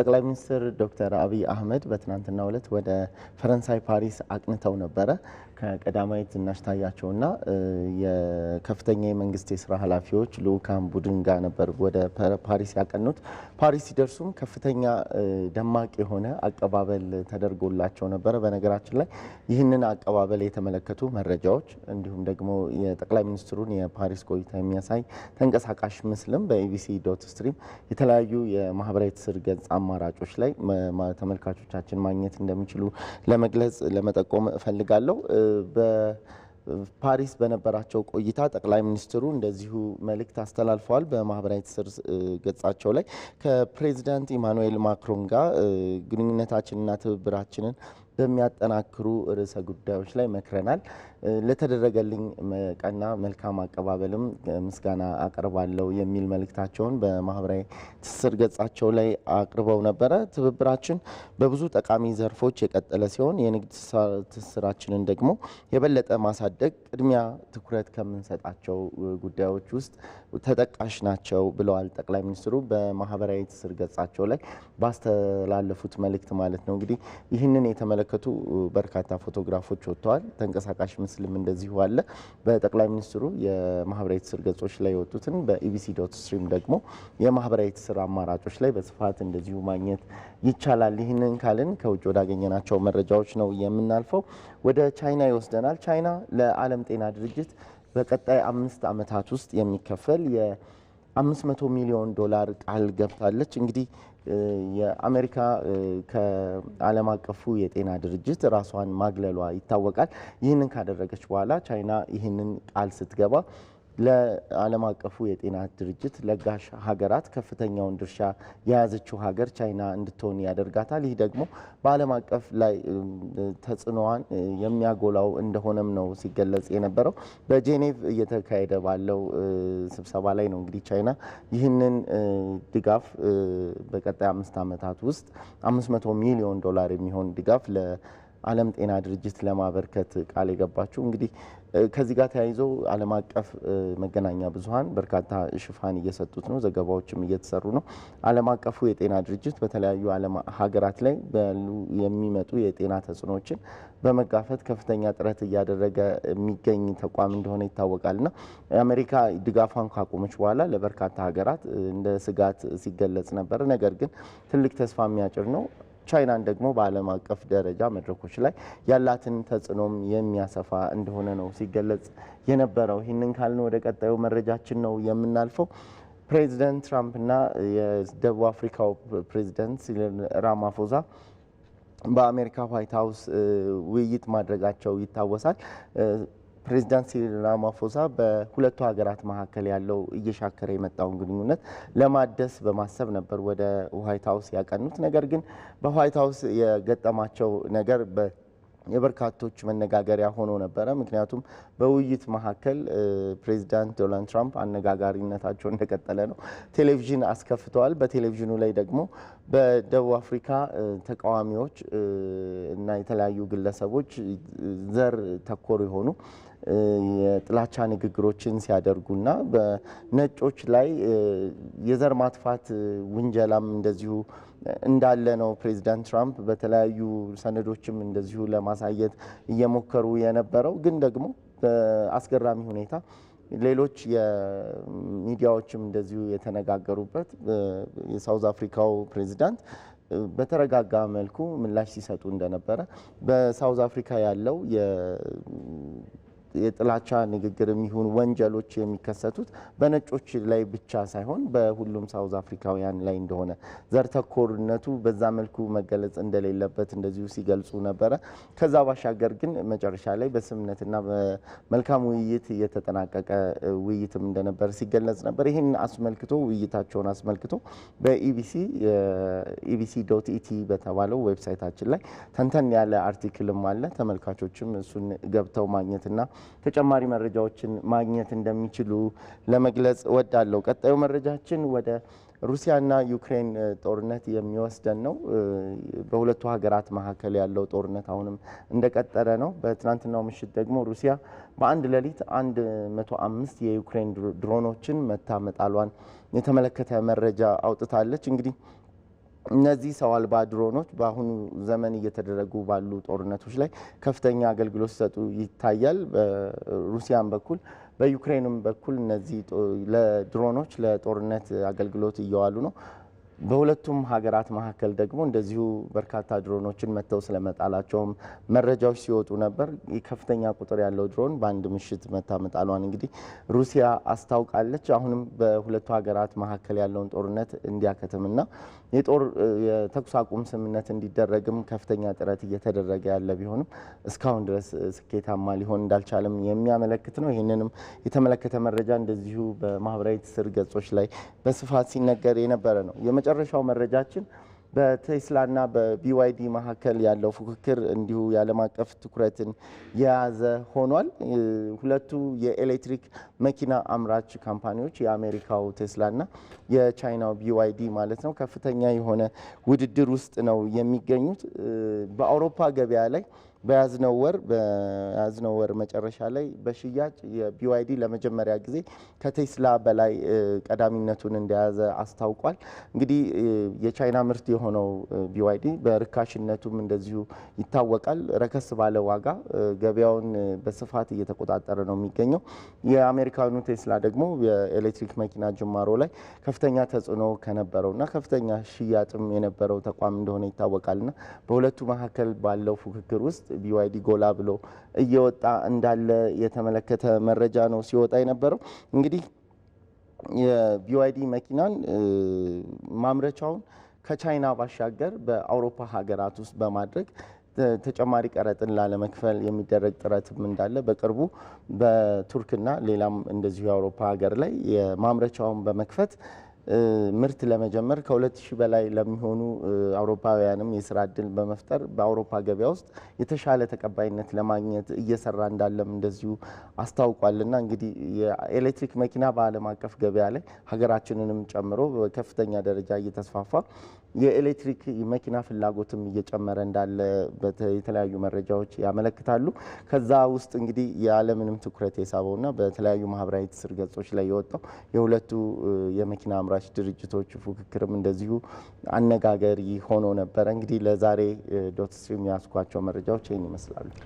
ጠቅላይ ሚኒስትር ዶክተር አብይ አህመድ በትናንትናው ዕለት ወደ ፈረንሳይ ፓሪስ አቅንተው ነበረ። ከቀዳማዊት ዝናሽ ታያቸውና የከፍተኛ የመንግስት የስራ ኃላፊዎች ልኡካን ቡድን ጋር ነበር ወደ ፓሪስ ያቀኑት። ፓሪስ ሲደርሱም ከፍተኛ ደማቅ የሆነ አቀባበል ተደርጎላቸው ነበረ። በነገራችን ላይ ይህንን አቀባበል የተመለከቱ መረጃዎች እንዲሁም ደግሞ የጠቅላይ ሚኒስትሩን የፓሪስ ቆይታ የሚያሳይ ተንቀሳቃሽ ምስልም በኢቢሲ ዶት ስትሪም የተለያዩ የማህበራዊ ትስስር ገጻ አማራጮች ላይ ተመልካቾቻችን ማግኘት እንደሚችሉ ለመግለጽ ለመጠቆም እፈልጋለሁ። ፓሪስ በነበራቸው ቆይታ ጠቅላይ ሚኒስትሩ እንደዚሁ መልእክት አስተላልፈዋል። በማህበራዊ ትስስር ገጻቸው ላይ ከፕሬዚዳንት ኢማኑኤል ማክሮን ጋር ግንኙነታችንና ትብብራችንን በሚያጠናክሩ ርዕሰ ጉዳዮች ላይ መክረናል። ለተደረገልኝ ቀና መልካም አቀባበልም ምስጋና አቀርባለሁ የሚል መልእክታቸውን በማህበራዊ ትስስር ገጻቸው ላይ አቅርበው ነበረ። ትብብራችን በብዙ ጠቃሚ ዘርፎች የቀጠለ ሲሆን የንግድ ትስስራችንን ደግሞ የበለጠ ማሳደግ ቅድሚያ ትኩረት ከምንሰጣቸው ጉዳዮች ውስጥ ተጠቃሽ ናቸው ብለዋል ጠቅላይ ሚኒስትሩ በማህበራዊ ትስስር ገጻቸው ላይ ባስተላለፉት መልእክት ማለት ነው። እንግዲህ ይህንን የተመለከቱ በርካታ ፎቶግራፎች ወጥተዋል። ተንቀሳቃሽ ምስልም እንደዚሁ አለ። በጠቅላይ ሚኒስትሩ የማህበራዊ ትስስር ገጾች ላይ የወጡትን በኢቢሲ ዶት ስትሪም ደግሞ የማህበራዊ ትስስር አማራጮች ላይ በስፋት እንደዚሁ ማግኘት ይቻላል። ይህንን ካልን ከውጭ ወዳገኘናቸው መረጃዎች ነው የምናልፈው። ወደ ቻይና ይወስደናል። ቻይና ለዓለም ጤና ድርጅት በቀጣይ አምስት ዓመታት ውስጥ የሚከፈል 500 ሚሊዮን ዶላር ቃል ገብታለች። እንግዲህ የአሜሪካ ከዓለም አቀፉ የጤና ድርጅት ራሷን ማግለሏ ይታወቃል። ይህንን ካደረገች በኋላ ቻይና ይህንን ቃል ስትገባ ለዓለም አቀፉ የጤና ድርጅት ለጋሽ ሀገራት ከፍተኛውን ድርሻ የያዘችው ሀገር ቻይና እንድትሆን ያደርጋታል። ይህ ደግሞ በዓለም አቀፍ ላይ ተጽዕኖዋን የሚያጎላው እንደሆነም ነው ሲገለጽ የነበረው። በጄኔቭ እየተካሄደ ባለው ስብሰባ ላይ ነው እንግዲህ ቻይና ይህንን ድጋፍ በቀጣይ አምስት ዓመታት ውስጥ 500 ሚሊዮን ዶላር የሚሆን ድጋፍ ዓለም ጤና ድርጅት ለማበርከት ቃል የገባችው እንግዲህ ከዚህ ጋር ተያይዞ ዓለም አቀፍ መገናኛ ብዙኃን በርካታ ሽፋን እየሰጡት ነው። ዘገባዎችም እየተሰሩ ነው። ዓለም አቀፉ የጤና ድርጅት በተለያዩ ዓለም ሀገራት ላይ ያሉ የሚመጡ የጤና ተጽዕኖዎችን በመጋፈት ከፍተኛ ጥረት እያደረገ የሚገኝ ተቋም እንደሆነ ና አሜሪካ ድጋፏን ካቆመች በኋላ ለበርካታ ሀገራት እንደ ስጋት ሲገለጽ ነበር። ነገር ግን ትልቅ ተስፋ የሚያጭር ነው። ቻይናን ደግሞ በዓለም አቀፍ ደረጃ መድረኮች ላይ ያላትን ተጽዕኖም የሚያሰፋ እንደሆነ ነው ሲገለጽ የነበረው። ይህንን ካልን ወደ ቀጣዩ መረጃችን ነው የምናልፈው። ፕሬዚደንት ትራምፕና የደቡብ አፍሪካው ፕሬዚደንት ሲሪል ራማፎዛ በአሜሪካ ዋይት ሀውስ ውይይት ማድረጋቸው ይታወሳል። ፕሬዚዳንት ሲሪል ራማፎሳ በሁለቱ ሀገራት መካከል ያለው እየሻከረ የመጣውን ግንኙነት ለማደስ በማሰብ ነበር ወደ ዋይት ሀውስ ያቀኑት። ነገር ግን በዋይት ሀውስ የገጠማቸው ነገር የበርካቶች መነጋገሪያ ሆኖ ነበረ። ምክንያቱም በውይይት መካከል ፕሬዚዳንት ዶናልድ ትራምፕ አነጋጋሪነታቸው እንደቀጠለ ነው። ቴሌቪዥን አስከፍተዋል። በቴሌቪዥኑ ላይ ደግሞ በደቡብ አፍሪካ ተቃዋሚዎች እና የተለያዩ ግለሰቦች ዘር ተኮር የሆኑ የጥላቻ ንግግሮችን ሲያደርጉና በነጮች ላይ የዘር ማጥፋት ውንጀላም እንደዚሁ እንዳለ ነው። ፕሬዚዳንት ትራምፕ በተለያዩ ሰነዶችም እንደዚሁ ለማሳየት እየሞከሩ የነበረው ግን ደግሞ በአስገራሚ ሁኔታ ሌሎች የሚዲያዎችም እንደዚሁ የተነጋገሩበት የሳውዝ አፍሪካው ፕሬዚዳንት በተረጋጋ መልኩ ምላሽ ሲሰጡ እንደነበረ በሳውዝ አፍሪካ ያለው የጥላቻ ንግግር የሚሆን ወንጀሎች የሚከሰቱት በነጮች ላይ ብቻ ሳይሆን በሁሉም ሳውዝ አፍሪካውያን ላይ እንደሆነ ዘር ተኮርነቱ በዛ መልኩ መገለጽ እንደሌለበት እንደዚሁ ሲገልጹ ነበረ። ከዛ ባሻገር ግን መጨረሻ ላይ በስምነትና በመልካም ውይይት የተጠናቀቀ ውይይትም እንደነበር ሲገለጽ ነበር። ይህን አስመልክቶ ውይይታቸውን አስመልክቶ በኢቢሲ ኢቢሲ ዶት ኢቲ በተባለው ዌብሳይታችን ላይ ተንተን ያለ አርቲክልም አለ። ተመልካቾችም እሱን ገብተው ማግኘትና ተጨማሪ መረጃዎችን ማግኘት እንደሚችሉ ለመግለጽ ወዳለው ቀጣዩ መረጃችን ወደ ሩሲያና ዩክሬን ጦርነት የሚወስደን ነው። በሁለቱ ሀገራት መካከል ያለው ጦርነት አሁንም እንደቀጠለ ነው። በትናንትናው ምሽት ደግሞ ሩሲያ በአንድ ሌሊት 105 የዩክሬን ድሮኖችን መታ መጣሏን የተመለከተ መረጃ አውጥታለች። እንግዲህ እነዚህ ሰው አልባ ድሮኖች በአሁኑ ዘመን እየተደረጉ ባሉ ጦርነቶች ላይ ከፍተኛ አገልግሎት ሲሰጡ ይታያል። በሩሲያም በኩል በዩክሬንም በኩል እነዚህ ለድሮኖች ለጦርነት አገልግሎት እየዋሉ ነው። በሁለቱም ሀገራት መካከል ደግሞ እንደዚሁ በርካታ ድሮኖችን መጥተው ስለመጣላቸውም መረጃዎች ሲወጡ ነበር። ከፍተኛ ቁጥር ያለው ድሮን በአንድ ምሽት መታ መጣሏን እንግዲህ ሩሲያ አስታውቃለች። አሁንም በሁለቱ ሀገራት መካከል ያለውን ጦርነት እንዲያከትምና የጦር የተኩስ አቁም ስምምነት እንዲደረግም ከፍተኛ ጥረት እየተደረገ ያለ ቢሆንም እስካሁን ድረስ ስኬታማ ሊሆን እንዳልቻለም የሚያመለክት ነው። ይህንንም የተመለከተ መረጃ እንደዚሁ በማህበራዊ ትስስር ገጾች ላይ በስፋት ሲነገር የነበረ ነው። የመጨረሻው መረጃችን በቴስላና በቢዋይዲ መካከል ያለው ፉክክር እንዲሁ የዓለም አቀፍ ትኩረትን የያዘ ሆኗል። ሁለቱ የኤሌክትሪክ መኪና አምራች ካምፓኒዎች የአሜሪካው ቴስላና የቻይናው ቢዋይዲ ማለት ነው ከፍተኛ የሆነ ውድድር ውስጥ ነው የሚገኙት። በአውሮፓ ገበያ ላይ በያዝነው ወር በያዝነው ወር መጨረሻ ላይ በሽያጭ የቢዋይዲ ለመጀመሪያ ጊዜ ከቴስላ በላይ ቀዳሚነቱን እንደያዘ አስታውቋል። እንግዲህ የቻይና ምርት የሆነው ቢዋይዲ በርካሽነቱም እንደዚሁ ይታወቃል። ረከስ ባለ ዋጋ ገበያውን በስፋት እየተቆጣጠረ ነው የሚገኘው። የአሜሪካኑ ቴስላ ደግሞ የኤሌክትሪክ መኪና ጅማሮ ላይ ከፍተኛ ተጽዕኖ ከነበረውና ከፍተኛ ሽያጭም የነበረው ተቋም እንደሆነ ይታወቃልና በሁለቱ መካከል ባለው ፉክክር ውስጥ ቢዋይዲ ጎላ ብሎ እየወጣ እንዳለ የተመለከተ መረጃ ነው ሲወጣ የነበረው። እንግዲህ የቢዋይዲ መኪናን ማምረቻውን ከቻይና ባሻገር በአውሮፓ ሀገራት ውስጥ በማድረግ ተጨማሪ ቀረጥን ላለመክፈል የሚደረግ ጥረትም እንዳለ በቅርቡ በቱርክና ሌላም እንደዚሁ የአውሮፓ ሀገር ላይ የማምረቻውን በመክፈት ምርት ለመጀመር ከ2000 በላይ ለሚሆኑ አውሮፓውያንም የስራ እድል በመፍጠር በአውሮፓ ገበያ ውስጥ የተሻለ ተቀባይነት ለማግኘት እየሰራ እንዳለም እንደዚሁ አስታውቋልና እንግዲህ የኤሌክትሪክ መኪና በዓለም አቀፍ ገበያ ላይ ሀገራችንንም ጨምሮ በከፍተኛ ደረጃ እየተስፋፋ የኤሌክትሪክ መኪና ፍላጎትም እየጨመረ እንዳለ የተለያዩ መረጃዎች ያመለክታሉ። ከዛ ውስጥ እንግዲህ የዓለምንም ትኩረት የሳበውና በተለያዩ ማህበራዊ ትስስር ገጾች ላይ የወጣው የሁለቱ የመኪና አምራች ድርጅቶች ፉክክርም እንደዚሁ አነጋገሪ ሆኖ ነበረ። እንግዲህ ለዛሬ ዶት ስትሪም ያስኳቸው መረጃዎች ይህን ይመስላሉ።